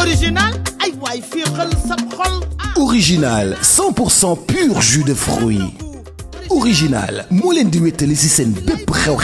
original ay waay fii pur jus de fruits original moo leen di wéttali ci seen bépp xew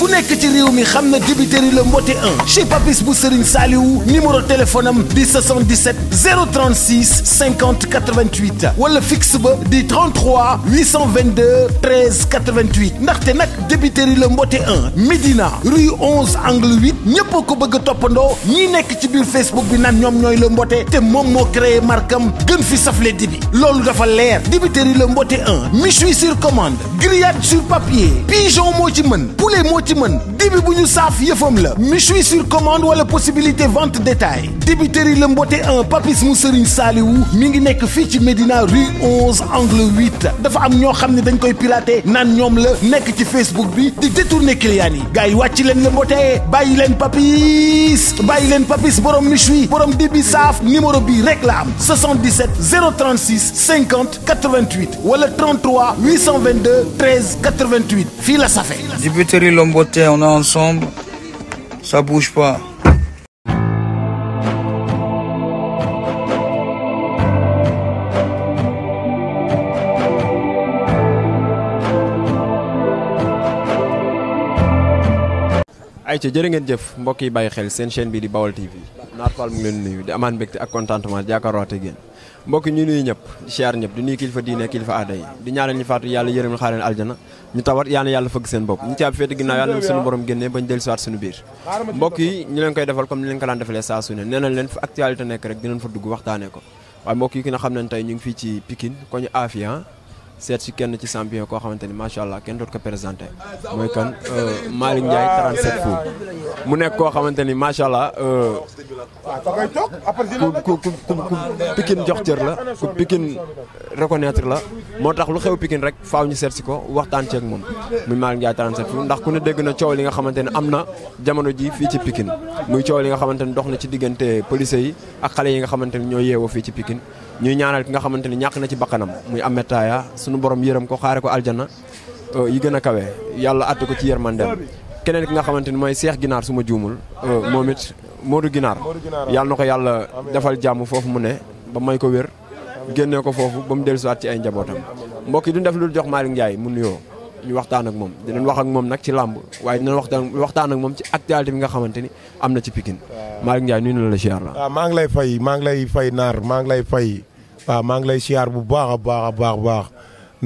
ku nekk ci réew mi xam na débiteri le mbote 1 chez Papis bu Serigne Saliou numéro téléphone am di 77 036 50 88 wala fixe ba di 33 822 13 88 ndaxte nag débiteri la mbote 1 Médina rue 11 angle 8 ñépp ko bëgg a toppandoo ñi nekk ci biir Facebook bi naan ñoom ñooy le mbote te moom moo créé markam gën fi safle dibi loolu dafa leer débiteri le mbote 1 méchoui sur commande grillade sur papier pigeon moo ci mën poulet moo ci ci mën dibi bu ñu saaf yëfam la méchoui sur commande wala possibilité vente détail débitëri la mbote un papis mu sëriñ saaliwu mi ngi nekk fii ci Médina rue 11 angle 8 dafa am ñoo xam ne dañ koy piraté naan ñoom la nekk ci Facebook bi di détourner clients yi gars yi wàcc leen la mbote bàyyi leen papis bàyyi leen papis borom méchoui borom dibi saaf numéro bi rek la am 77 036 50 88 wala 33 822 13 88 fii la safe beauté, on est ensemble. Ça bouge pas. ay ca jërë ngeen jëf mbokk bàyyi xel seen chaîne bi di Baol TV Naar Fall mu ngi leen nuyu di amaan mbégte ak contentement jàkkaarloo ak yéen mbokk ñu nuyu ñëpp di siyaar ñëpp di nuyu kilifa diine kilifa aada yi di ñaanal ñu faatu yàlla yërëm xaar leen aljana ñu tawat yal na yàlla fëgg seen bopp ñu caabi féete ginnaaw yàlla na suñu borom génnee bañ dellu siwaat suñu biir mbokk ñu leen koy defal comme ni leen ko daan defalee saa su ne nee nañ leen fa actualité nekk rek dinañ fa dugg waxtaanee ko waaye mbokk ki nga xam ne tey ñu ngi fii ci Pikine ko ñu Afia seet si kenn ci champion koo xamante ni macha allah kenn doot ko présenté mooy kan euh, Malick Ndiaye 37 fou mu nekk koo xamante ni macha allah euh, ku ku ku ku Pikine jox cër la ku Pikine reconnaître la moo tax lu xew pikin rek faaw ñu seet si ko waxtaan ceeg moom muy Malick Ndiaye 37 fou ndax ku ne dégg na coow li nga xamante ni am na jamono ji fii ci Pikine muy coow li nga xamante ni dox na ci diggante police yi ak xale yi nga xamante ni ñoo yeewoo fii ci Pikine ñuy ñaanal ki nga xamante ni ñàkk na ci bakkanam muy Ahmed Taya sunu borom yërëm ko xaare ko aljana yi gën a kawe yàlla àtte ko ci yërmandeem keneen ki nga xamante ni mooy Cheikh Ginaar su ma juumul euh, moom it Modou Ginaar yàlla na ko yàlla defal jàmm foofu mu ne ba may ko wér génnee ko foofu ba mu dellusiwaat ci ay njabootam mbokk yi duñ def lu jox Malick Ndiaye mu nuyoo ñu waxtaan ak moom dinañ wax ak moom nag ci làmb waaye dinañ waxtaan waxtaan ak moom ci actualité bi nga xamante ni am na ci Pikine Malick Ndiaye nuyu na la la la. Ah, waaw maa ngi lay fay maa ngi lay fay naar maa ngi lay fay waaw maa ngi lay siyaar bu baax a baax a baax baax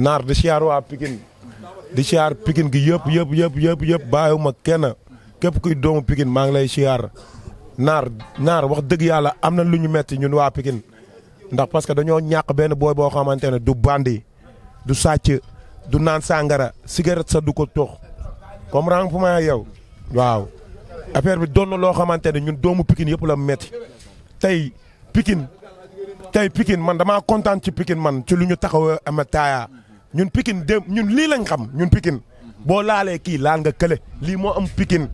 naar di siyaar waa Pikine di siyaar Pikine gi yëpp yëpp yëpp yëpp yëpp bàyyiwuma kenn képp kuy doomu pikin maa ngi lay siyaar naar naar wax dëgg yàlla am na lu ñu metti ñun waa Pikine ndax parce que dañoo ñàkk benn booy boo xamante ne du bandi du sàcc du naan sàngara cigarette sa du ko tox comme rang fu ma yow waaw affaire bi doon na loo xamante ne ñun doomu pikin yëpp la metti tey Pikine tey pikin man damaa kontaan ci Pikine man ci lu ñu taxaw ama taaya ñun Pikine dem ñun lii lañ xam ñun pikin boo laalee kii laal nga kële lii moo am pikin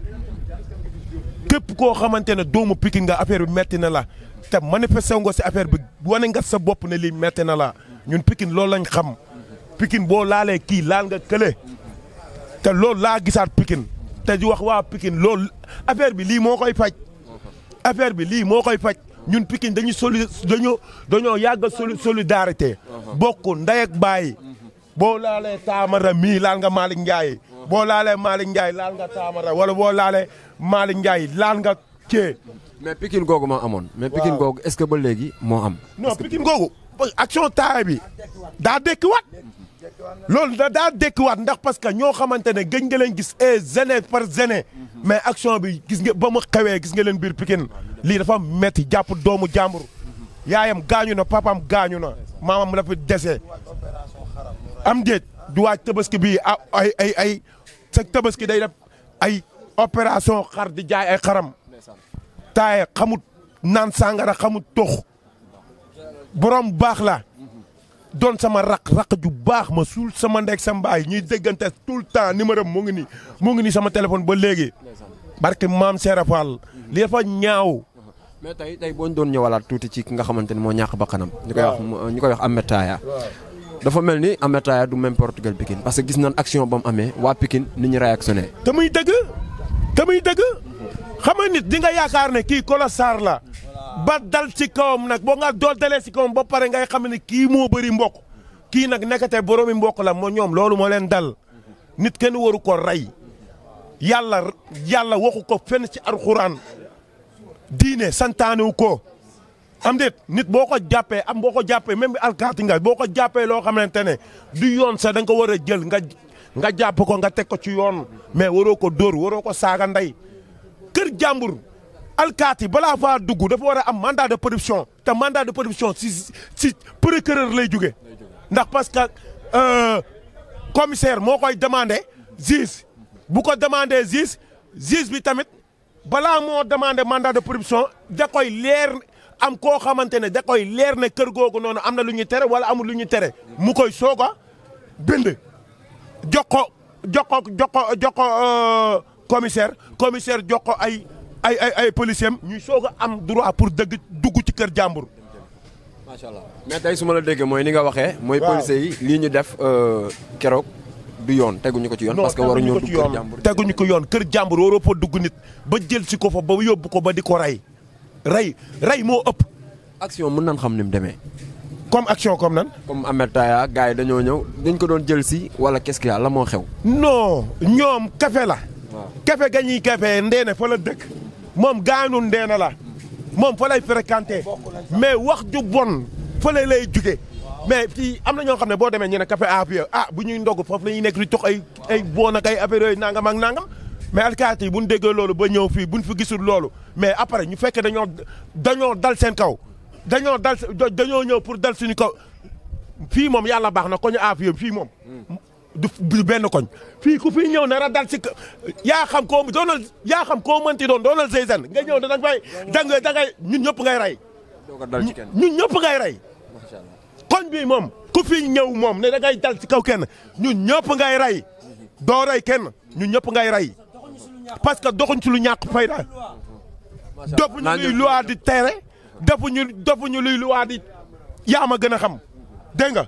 képp koo xamante ne doomu Pikine nga affaire bi metti na la te manifesté nga si affaire bi wane nga sa bopp ne lii metti na la ñun Pikine loolu lañ xam Pikine boo laalee kii laal nga kële te loolu laa gisaat Pikine te di wax waa Pikine lool affaire bi lii moo koy faj affaire bi lii moo koy faj ñun Pikine dañu soli dañoo dañoo yàgg solidarité uh-huh. bokk ndey ak baay uh-huh. boo laalee Taamara mii laal nga Malick uh-huh. boo laalee Malick Ndiaye laal nga Taamara wala boo laalee Malick Ndiaye laal nga Thié mais Pikine googu moo amoon mais Pikine googu est-ce que ba léegi moo am non Pikine googu action taay bi daa dékkiwaat loolu da daa dékkiwaat ndax parce que ñoo xamante ne gëj nga leen gis et zéné par zéné mais action bi gis nga ba mu xewee gis nga leen biir pikin lii dafa metti jàpp doomu jàmbur yaayam gaañu na papaam gaañu na maamam la dafa dese am déet du waaj tabaski bii ah ay ay ay sa tabaski day def ay opération xar di jaay ay xaram taaye xamut naan sàngara xamut tox borom baax la doon sama raq raq ju baax ma suul sama ndeg sa mbaay ñuy déggante tout le temps numéro mu ngi ni mu ngi ni sama téléphone ba léegi barke maam Serap Fall li dafa ñaaw mais tey tey boo ñu doon ñëwalaat tuuti ci ki nga xamante ni moo ñàkk bakkanam ñu koy wax ñu koy wax Ahmed Taya dafa mel ni Ahmed Taya du même Portugal Pikine parce que gis nañ action ba mu amee waa Pikine ni ñu réactionné. te muy dëgg te muy dëgg xam nga nit di nga yaakaar ne kii colossal la ba dal ci kawam nag boo nga dool dalee ci kawam ba pare ngay xam ne kii moo bëri mbokk kii nag nekkate boroomi mbokk la moo ñoom loolu moo leen dal nit kenn waru ko rey yàlla yàlla waxu ko fenn ci alxuraan. diine santaanewu ko am déet nit boo ko jàppee am boo ko jàppee même alkaati nga boo ko jàppee loo xamante ne du yoon sax da nga ko war a jël nga nga jàpp ko nga teg ko ci yoon mais waroo ko dóor waroo ko saaga ndey kër jàmbur alkaati balaa faa dugg dafa war a am mandat de production te mandat de production si si procureur lay jóge ndax parce que euh, commissaire moo koy demandé juge bu ko demandé juge juge bi tamit balaa moo demandé mandat de production da koy leer am koo xamante ne da koy leer ne kër googu noonu am na lu ñuy tere wala amul lu ñuy tere mu koy soog a bind jox ko jox ko jox ko jox ko euh, commissaire commissaire jox ko ay ay ay ay policier ñuy soog a am droit pour dëgg dugg ci kër jàmbur. macha allah mais su ma la déggee mooy ni nga waxee. mooy policiers yi lii ñu def euh, keroog. du yoon teguñu ko ci yoon. parce que waruñoo dugg kër jàmbur teguñu ko yoon kër jàmbur waroo fa dugg nit ba jël si ko fa ba yóbbu ko ba di ko rey rey rey moo ëpp. action mën nan xam ni mu demee. comme action kom nan. comme Ahmed Taya gars dañoo ñëw dañ ko doon jël si wala qu'est-ce qu'il y la moo xew. noo ñoom kafe la. kafe ga ñuy kafe ndeene fa la dëkk. moom gaanu ndeena la. moom fa lay fréquenté. mais wax ju bon fa lay lay mais fii am na ñoo xam ne boo demee ñu ne café appuyer ah, bu ñu ndog foofu la ñuy nekk di tox ay ay bon ak ay affaire nangam ak nangam mais alkaati yi bu ñu déggee loolu ba ñëw fii bu ñu fi gisul loolu mais après ñu fekk dañoo dañoo dal seen kaw dañoo dal dañoo ñëw pour dal suñu kaw fii moom yàlla baax na koñu appuyer fii moom. du benn koñ fii ku fi ñëw nar a dal ci yaa xam koo doonal yaa xam koo mënti doon doonal Zeyzane nga ñëw da nga fay da ngay ñun ñëpp ngay rey. ñun ñëpp ngay rey. koñ bi moom ku fi ñëw moom ne da ngay dal ci kaw kenn ñu ñëpp ngay rey doo rey kenn ñun ñëpp ngay rey parce que doxuñ ci lu ñàkk fayda dopp ñu luy luwaa di tere dopp ñu dopp ñu luwaa di yaa ma gën a xam dégg nga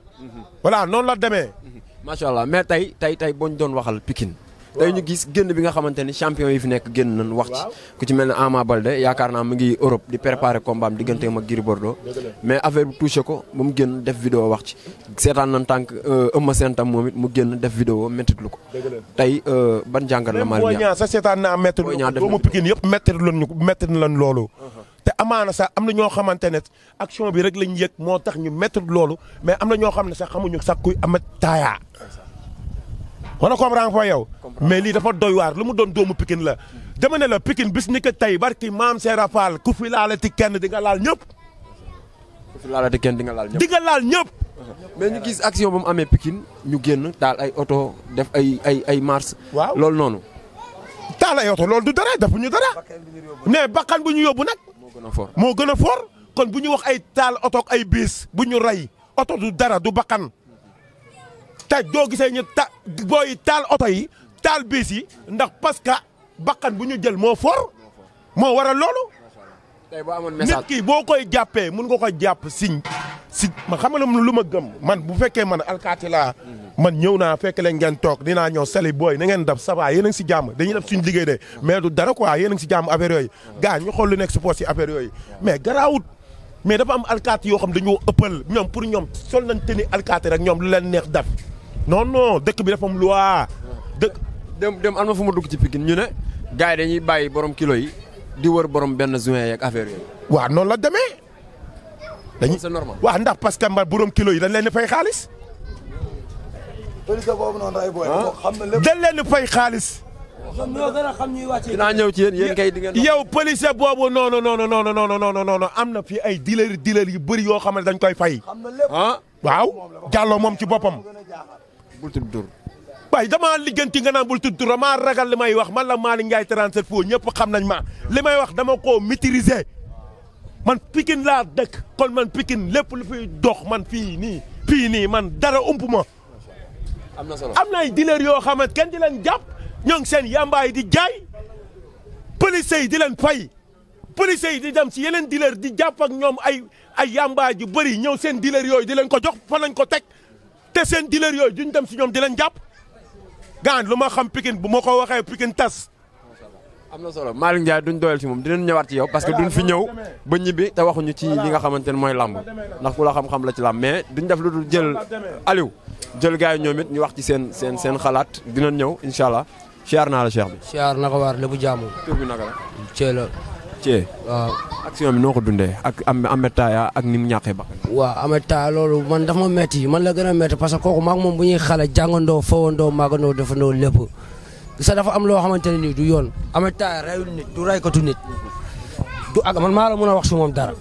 mhm. noonu la demee mhm. macha allah mais tey tey tey boo ñu doon waxal pikin tey ñu gis génn bi nga xamante ni champion yi fi nekk génn nañ wax ci ku ci mel ne Ama Baldé yaakaar naa mu ngi Europe di préparer combat am diggante ak Gris Bordeaux mais affaire bi touché ko ba mu génn def vidéo wax ci seetaan nañ tànk euh, Eumeu Sène tam moom it mu génn def vidéo méttitlu ko tey euh, ban jàngat la Malick Niang sa seetaan naa méttitlu doomu Pikine yëpp méttitlu ñu méttitlu lañ loolu uh-huh. te na sax am na ñoo xamante ne action bi rek lañ yëg moo tax ñu méttitlu loolu mais am na ñoo xam ne sax xamuñu sax kuy amat taayaa wana comprendre ko yow mais lii dafa doy waar lu mu doon doomu Pikine la dama ne la Pikine bis ni ko tey barki maam Seera Fall ku fi laalati kenn di nga laal ñëpp ku fi di nga laal ñëpp di laal ñëpp mais ñu gis action ba mu amee Pikine ñu génn taal ay oto def ay ay ay marche waaw loolu noonu taal ay oto loolu du dara dafu ñu dara mais bakkan bu ñu yóbbu nag moo gën a fort kon bu ñu wax ay taal oto ay biis bu ñu rey oto du dara du bakkan te doo gisee ñu ta booy taal oto yi taal bis yi ndax parce que bakkan bu ñu jël moo for moo waral loolu. tey boo amoon message nit ki boo koy jàppee mun nga ko jàpp siñ si ma xamala lu ma gëm man bu fekkee man alkaati laa man ñëw naa fekk leen ngeen toog dinaa ñëw sali booy na ngeen dab ça va yéen a ngi si jàmm dañuy def suñu liggéey de mais du dara ko yéen a si jàmm affaire yooyu gars ñu xool lu nekk si poos si affaire yooyu mais garaawut mais dafa am alkaati yoo xam dañoo ëppal ñoom pour ñoom sol nañ teni alkaati rek ñoom lu leen neex daf non non dëkk bi dafa am loi. dëkk dem dem am na fu ma dugg ci Pikine ñu ne. gars yi dañuy bàyyi borom kilo yi di wër borom benn juin yeeg affaire yooyu. waaw noonu la demee. dañuy c'est normal waaw ndax parce que mba borom kilo yi dañ leen di fay xaalis. dañ leen di fay xaalis. dinaa ñëw ci yéen yéen kay di ngeen. yow police boobu non non non non non non am na fi ay dealer dealer yu bari yoo xam ne dañ koy fay. ah waaw Diallo moom ci boppam. bul tudd tur waaye damaa ligganti nga naan bul tudd tur damaa ragal li may wax man la Malick Ndiaye 37 fou ñëpp xam nañ ma li may wax dama koo maîtriser man Pikine laa dëkk kon man Pikine lépp lu fiy dox man fii nii fii nii man dara ump ma am na solo am na ay dealer yoo xamante kenn di leen jàpp ñoo ngi seen yàmbaay di jaay police yi di leen fay police yi di dem si yeneen dealer di jàpp ak ñoom ay ay yàmbaay yu bëri ñëw seen dealer yooyu di leen ko jox fa lañ ko teg mais seen dealer yooyu duñ dem si ñoom di leen jàpp gaan lu ma xam Pikine bu ma ko waxee Pikine tas. am na solo Malick Ndiaye duñ doyal si moom dinañ ñëwaat ci yow parce que duñ fi ñëw ba ñibbi te waxuñu ci li nga xamante ne mooy làmb ndax ku la xam-xam la ci làmb mais duñ def lu dul jël Aliou jël gars yi ñoom it ñu wax ci seen seen seen xalaat dinañ ñëw incha allah siyaar naa la cheikh bi. siyaar naka waar bu jaamu. tur bi naka la. Thié. waaw action bi noo ko dundee ak Ahmed Taia ak ni mu ñàkkee ba. waaw Ahmed Taia loolu man dafa ma metti man la gën a metti parce que kooku maag moom bu ñuy xale jàngandoo fowandoo maagandoo defandoo lépp sa dafa am loo xamante ne nii du yoon. Ahmed Taia reyul nit du reykatu nit du ak man maa la mën a wax si moom dara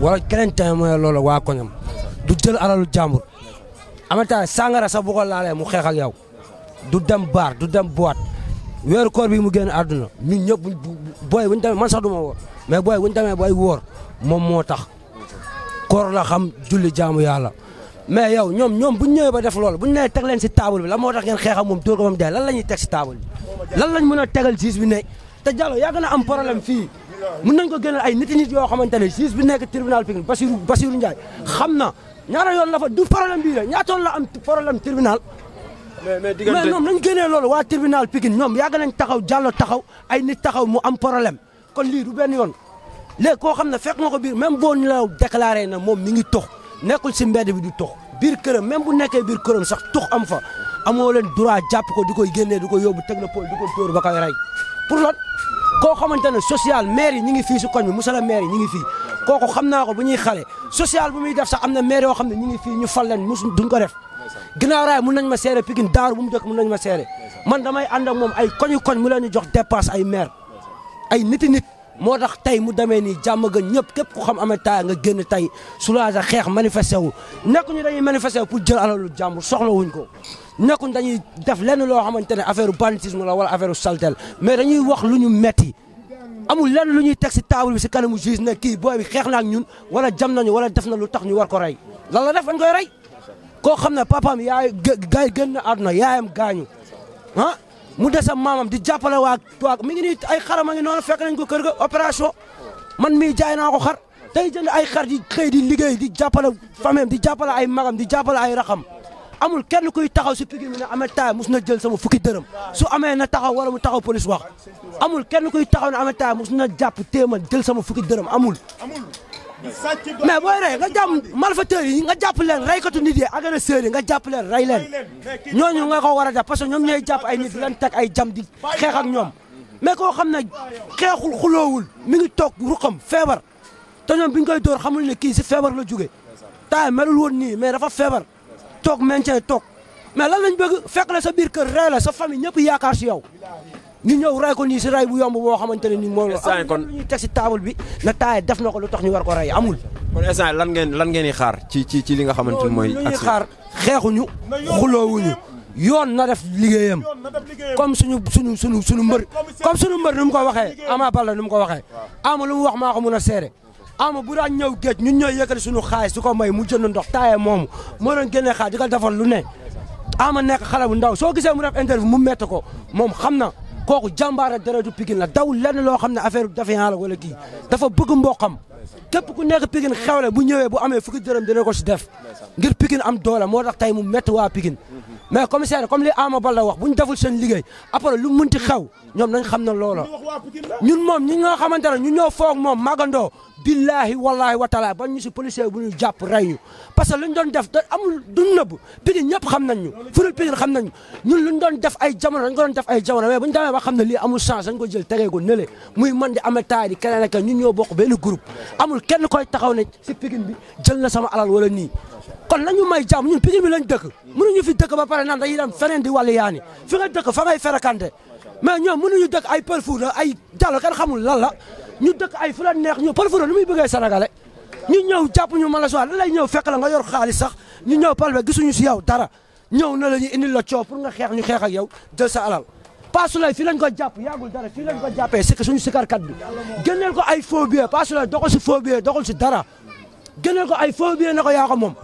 wala keneen tamit mooy loolu waa koñam du jël alalu jàmbur Ahmed Taia sàngara sa bu ko laalee mu xeex ak du dem baar du dem boîte. weeru koor bi mu génn àdduna ñun ñëpp booy bu ñu tamee man sax du ma woor mais booy bu ñu tamee bay woor moom moo tax koor la xam julli jaamu yàlla mais yow ñoom ñoom bu ñu ñëwee ba def loolu bu ñu nee teg leen si table bi la moo tax ngeen xeex ak moom dóor ko moom dee lan la ñuy teg si table bi lan lañ mën a tegal juge bi ne te Diallo yàgg na am poro problème fii mën nañ ko gënal ay nit nit yoo xamante ne juge bi nekk tribunal Pikine Basirou Basirou Ndiaye xam na ñaara yoon la fa du problème bii la la am problème mais mais diggante mais ñoom nañ génnee loolu waa tribunal Pikine ñoom yàgg nañ taxaw jàllo taxaw ay nit taxaw mu am problème kon lii du benn yoon léegi koo xam ne fekk nga ko biir même boon ñu la déclaré na moom mi ngi tox nekkul si mbedd bi du tox biir kërëm même bu nekkee biir këram sax tox am fa amoo leen droit jàpp ko di koy génnee di ko yóbbu technopole di ko dóor ba koy rey pour lan koo xamante ne social maire yi ñu ngi fii si koñ bi musala maire yi ñu ngi fii kooko xam naa ko bu ñuy xale social bu muy def sax am na maire yoo xam ne ñu ngi fii ñu fal leen mosu duñ ko def ginnaaw raay nañ ma seere Pikine daaru bu mu dëkk mun nañ ma seere man damay ànd ak moom ay koñu koñ mu leen ñu jox dépasse ay maire ay niti nit moo tax tey mu demee nii jàmm gën ñëpp képp ku xam amee taaya nga génn tey a xeex manifesté wu nekk ñu dañuy manifesté wu pour jël alalu jàmm soxla wuñ ko nekkuñ dañuy def lenn loo xamante ne affaire banditisme la wala affaire saltel mais dañuy wax lu ñu metti amul lenn lu ñuy teg si table bi si kanamu juge ne kii booy bi xeex na ak ñun wala jam nañu wala def na lu tax ñu war ko rey lan la def dañ koy rey koo xam ne papam yaay gaay gën na àdduna yaayam gaañu ah mu des am maamam di jàppale waa waa mi ngi nii ay xarama ngi noonu fekk nañ ko kër ga opération man mii jaay naa ko xar tey jënd ay xar di xëy di liggéey di jàppale famem di jàppale ay magam di jàppale ay raxam amul kenn kuy taxaw si Pikine mu ne Ahmed Taye mos na jël sama fukki dërëm su amee na taxaw wala mu taxaw police wax amul kenn kuy taxaw ne Ahmed Taye mos na jàpp téemal jël sama fukki dërëm amul. mais booy rey nga jàpp malfaiteurs yi nga jàpp leen reykatu nit yi agresseurs yi nga jàpp leen rey leen ñooñu nga ko war a jàpp parce que ñoom ñooy jàpp ay nit di leen teg ay jam di xeex ak ñoom mais koo xam ne xeexul xuloowul mi ngi toog ruqam feebar te ñoom bi ñu koy dóor xamul ne kii si feebar la jóge Taye melul woon nii mais dafa feebar toog maintien toog mais lan lañ bëgg fekk la sa biir kër rey la sa famille ñëpp yaakaar si yow ñu ñëw rey ko nii si rey bu yomb boo xamante ne nii moom la kon lu ñuy teg si table bi na taaye def na ko lu tax ñu war ko rey amul kon instant lan ngeen lan ngeen di xaar ci ci ci li nga xamante ni mooy ñuy xaar xeexuñu xuloowuñu yoon na def liggéeyam comme suñu suñu suñu suñu mbër comme suñu mbër ni mu ko waxee Ama Baldé ni mu ko waxee ama lu wax maa ko mun a seere ama bu daan ñëw géej ñun ñooy yëkkati suñu xaalis su ko may mu jënd ndox taaye moomu moo doon génnee xaalis di ko lu ne ama nekk xale bu ndaw soo gisee mu def interview mu métti ko moom xam na kooku jàmbaara deretu Pikine la daw lenn loo xam ne affaire dafayan la wala kii dafa bëgg xam képp ku nekk Pikine xewle bu ñëwee bu amee fukki dërëm dina ko si def ngir Pikine am doole moo tax tey mu métti waa Pikine mais commissaire comme li Ama Baldé wax bu ñu deful seen liggéey après lu munti xew ñoom nañ xam ne loola ñun moom ñi nga xamante ne ñu ñoo foog moom màggandoo billaahi wallaahi wa taala ba ñu si policier bu ñu jàpp rey ñu parce que lu ñu doon def da amul du nëbb ñëpp xam nañ ñu furul xam nañ ñun lu ñu doon def ay jamono dañ ko def ay jamono mais bu ñu demee ba xam ne lii amul chance dañ ko jël tegee ko nële muy man di ame taay di keneen ak ñun ñoo bokk benn groupe amul kenn koy taxaw ne si Pikine bi jël na sama alal wala nii kon nañu may jàmm ñun Pikine bi lañ dëkk ñu fi dëkk ba pare naan dañuy dem feneen di wàllu yaani fi nga dëkk fa ngay ferakante mais ñoom mënuñu dëkk lan la ñu dëkk ay fu neex ñu Palfaro lu muy bëggee sénégalais ñu ñëw jàpp ñu mala soir lay ñëw fekk la nga yor xaalis sax ñu ñëw Palfaro gisuñu si yow dara ñëw na la ñu indil la coow pour nga xeex ñu xeex ak yow jël sa alal Paasulay fii lañ ko jàpp yàggul dara fii lañ ko jàppee sikk suñu sikarkat bi génneel ko ay faux billets Paasulay doxul si faux billets doxul si dara génneel ko ay faux billets na ko yaa ko moom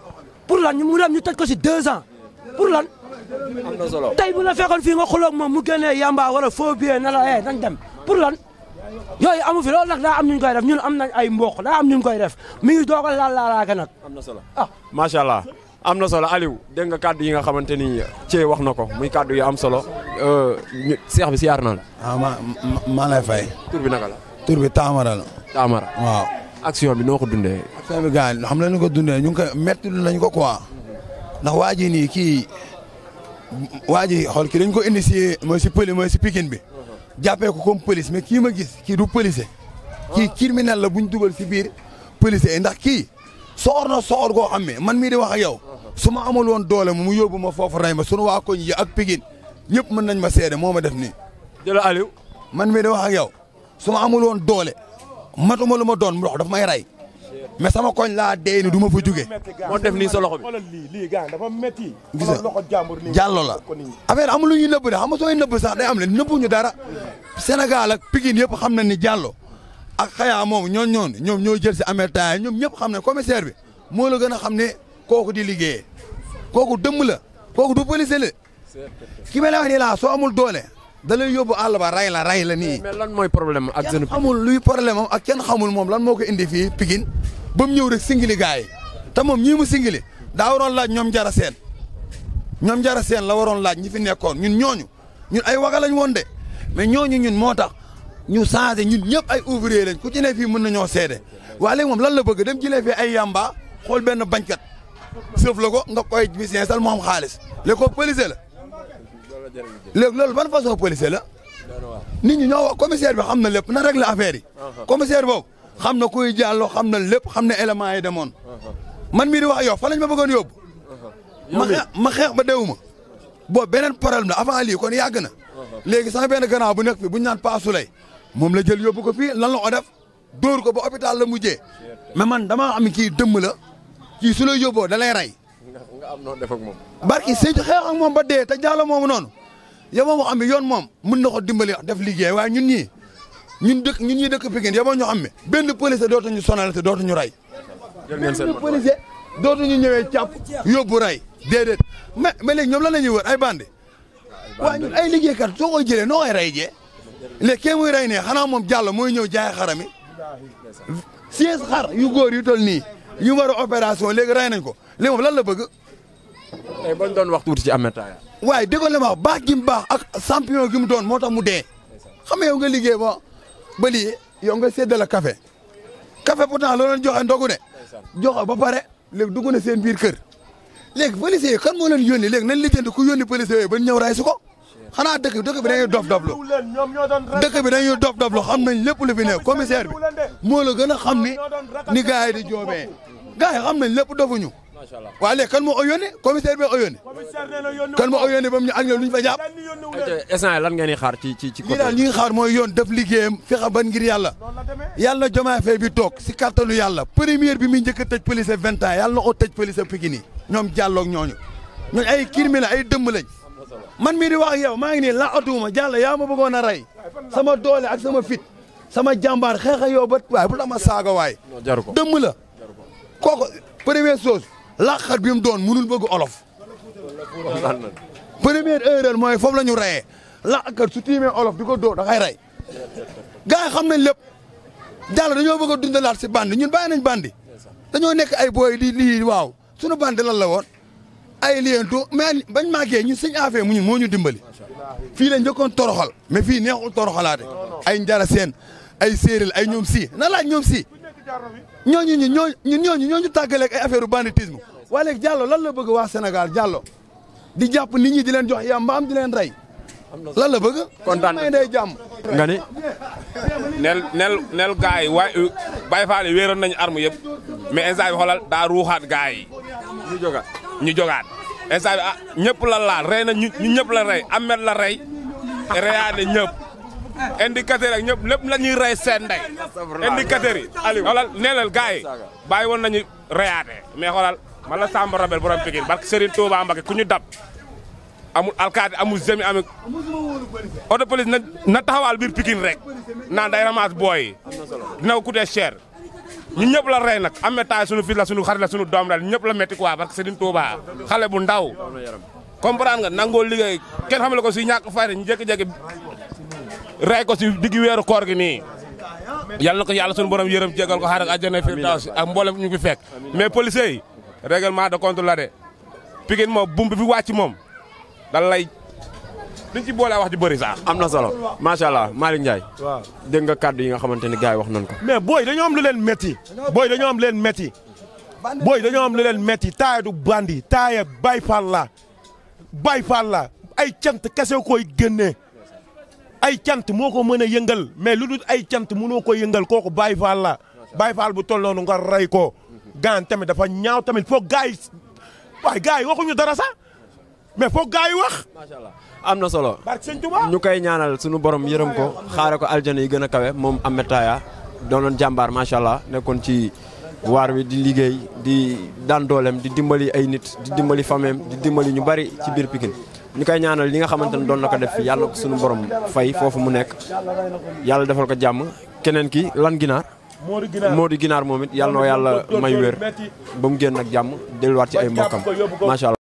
pour lan mu dem ñu tëj ko si deux ans pour lan solo tey bu la fekkoon fii nga xulóog moom mu génnee yamba wala faux billets na la eh nañ dem pour lan yooyu amu fi loolu nag daa am ñu koy def ñun am nañ ay mboq daa am ñu koy def mi ngi doog a laal laalaaka nag. am na solo ah macha allah am na solo Aliou dégg nga kàddu yi nga xamante ni Thié wax na ko muy kàddu yi am solo. Euh, ñu seex bi siyaar naa la. Ah, ma ma lay fay. tur bi naka la. bi Taamara la. Taamara waaw. action bi noo ko dundee. action bi gars yi xam ko dundee ñu ngi koy métti nañu ko quoi ndax waa ji nii kii waa ji xool ki dañu ko initié mooy si pëli mooy si pikin bi. jàppee ko comme police mais kii ma gis kii du policier. kii criminel la bu ñu dugal si biir policier yi ndax kii soor na soor goo xam ne man mii di wax ak yow. su ma amul woon doole mu yóbbu ma foofu rey ma sunu waa koñ yi ak Pikine ñëpp mën nañ ma seede moo ma def nii. jërëjëf Aliou. man mii di wax ak yow su ma amul woon doole matuma lu ma doon mu dox daf may rey. mais sama koñ laa dee ni du ma fa jóge moo def nii sa loxo bi gis nga jàllo la affaire amul lu ñuy nëbb de xam nga sooy nëbb sax day am leen nëbbuñu dara Sénégal ak Pikine yëpp xam na ni jàllo ak xayaa moom ñoon ñoon ñoom ñoo jël si amerta ñoom ñëpp xam ne commissaire bi moo la gën a xam ne kooku di liggéeyee kooku dëmm la kooku du policier la ki ma laa soo amul doole da lay yóbbu àll ba ray la ray la nii. mais lan mooy problème ak jeune xamul luy problème am ak kenn xamul moom lan moo ko indi fii Pikine ba mu ñëw rek singili gars yi te moom ñii mu singili daa waroon laaj ñoom jara seen ñoom jara seen la waroon laaj ñi fi nekkoon ñun ñooñu ñun ay waga lañ woon de mais ñooñu ñun moo tax ñu changé ñun ñëpp ay ouvrier lañ ku ci ne fii mën nañoo seede waa léegi moom lan la bëgg dem jëlee fii ay yamba xool benn bañkat sëf la ko nga koy bi sal mu xaalis le ko pëlisé la léegi loolu ban façon policier la nit ñi ñoo wax commissaire bi xam na lépp na rek la affaire yi uh-huh. commissaire boobu xam na kuy jàlloo xam na lépp xam na élément yi demoon uh-huh. man mii di wax yow fa lañ ma bëggoon yóbbu uh-huh. ma xeex ma xeex ba dewuma boobu beneen problème la avant lii kon yàgg na léegi sax benn gannaaw bu nekk fi bu ñu naan paasu lay moom la jël yóbbu ko fii lan la ko def dóor ko ba hôpital la mujjee mais man damaa am kii dëmm la kii su lay yóbboo da lay rey nga am noonu def ak moom barki sëñ xeex ak moom ba dee te jàll moomu noonu yaboo ma xam yoon moom mun na ko dimbali def liggéey waaye ñun ñii ñun dëkk ñun ñii dëkk Pikine yaboo ñu xam ne benn policier dootuñu sonal te dootuñu rey. jërë ngeen seen benn policier dootuñu ñëwee càpp yóbbu rey déedéet mais mais léegi ñoom lan la ñuy wër ay bandi waaw ñun ay liggéeykat soo koy jëlee noo koy rey jee léegi kee muy rey ne xanaa moom jàll mooy ñëw jaay xaram yi seize xar yu góor yu tol nii yu war a opération léegi rey nañ ko léegi moom lan la bëgg. tey doon wax tuuti ci Ahmed Taya waaye déggoo la ma baax gi mu baax ak champion gi mu doon moo tax mu dee xam nga yow nga liggéey ba ba lii yow nga séddale café café pourtant loo leen joxe ndogu ne joxe ba pare léegi dugg na seen biir kër léegi policiers yi kan moo leen yónni léegi nañ lijjanti ku yónni policiers yooyu ba ñëw ray su ko xanaa dëkk bi dëkk bi dañuy dof doflu dëkk bi dañuy dof doflu xam nañ lépp lu fi ne commissaire bi moo la gën xam ni ni gars yi di joobee gars yi xam nañ lépp dofuñu waaw léegi kan moo ko yónnee commissaire bi ko yónnee kan moo ko ba mu ñu ak la lu ñu fa jàpp instant lan ngeen di xaar ci ci ci côté daal ñu ngi xaar mooy yoon def liggéeyam fexe ban ngir yàlla yàlla Diomaye Faye bi toog si kattanu yàlla première bi muy njëkk a tëj police vingt ans yàlla na tëj police Pikine yi ñoom jàlloog ñooñu ñooñu ay criminel ay dëmm lañ man mii di wax maa ngi nii la atuma jàll yaa ma bëggoon a rey sama doole ak sama fit sama jàmbaar xeexa yow ba waaye bu la ma saaga waay dëmm la kooku première chose làqat bi mu doon mënul bëgg olof. première erreur mooy foofu la ñu rayee làqat olof di ko dóor da kay rey gars xam nañ lépp jàll dañoo bëgg a dundalaat si bandi ñun bàyyi nañ bandi dañoo nekk ay booy di lii waaw sunu bandi lan la woon ay lientu mais bañ màggee ñun suñu affaire mu ñun moo ñu dimbali fii la njëkkoon toroxal mais fii neexul toroxalaate ay njara seen ay séeréel ay ñoom na laaj ñoom ñooñu ñu ñoo ñun ñooñu ñoo ñu tàggaleeg ay affaire banditisme waaye léegi Diallo lan la bëgg waa Sénégal jallo di jàpp ni ñi di leen jox yambaam di leen rey lan la bëgg. kontaan may day jàmm. nga ni. nel nel nel gars yi waay Baye Fall yi wéeroon nañu arme yëpp mais instant bi xoolal daa ruuxaat gars yi. ñu jogaat ñu jogaat. instant bi ah ñëpp la laal rey na ñu ñëpp la rey Ahmed la rey reyaane indicateurs ak ñëpp lépp la ñuy rey seen ndey. indicateurs yi Aliou xoolal nee na gars nañu reyaatee mais xoolal man la Samba Rabel borom Pikine barke Serigne Touba Mbacké ku ñu dab amul alkaati amul zemi amul oto police na na taxawaal biir Pikine rek naan day ramasse booy dina ko coûter cher. ñun ñëpp la rey nag am na taay sunu fils la sunu xarit la sunu doom la ñëpp la métti quoi parce que Serigne Touba bu ndaw comprendre nga nangoo liggéey kenn xamale ko si ñàkk fayda ñu rey si digg weeru koor gi nii yal na ko yàlla sunu borom yërëm jégal ko xaaral àjjana firdawsi ak mboolem ñu fi fekk mais policiers yi règlement de compte la de Pikine moom bum bi fi wàcc moom dan lay duñ ci boole wax ji bëri sax. am na solo macha allah Malick Ndiaye. waaw dégg nga kàddu yi nga xamante ni gars yi wax nañ ko. mais booy dañoo am lu leen métti booy dañoo am lu leen métti booy dañoo am lu leen métti taaya du bandi taaya bayfal la bayfal la ay cant kese koy génnee. ay cant moo ko mën a yëngal mais lu dul ay cant mu mënoo ko yëngal kooku Baye Fall la Baye Fall bu toll noonu nga rey ko. Mhm. gaan tamit dafa ñaaw tamit foog gars yi waaye yi waxuñu dara sax mais foog gars yi wax. macha allah am na solo. barke sëñ ñu koy ñaanal sunu borom yërëm ko xaare ko aljana yi gën a kawe moom Ahmed Taya doonoon jàmbaar macha allah nekkoon ci. waar wi di liggéey di dandoolem di dimbali ay nit di dimbali fameem di dimbali ñu bari ci biir Pikine ñu koy ñaanal li nga xamante ne doon na ko def yàlla ko suñu borom fay foofu mu nekk yàlla defal ko jàmm keneen ki lan ginaar moo di ginaar moom it yàlla noo yàlla may wér ba mu génn ak jàmm delluwaat ci ay mbokkam macha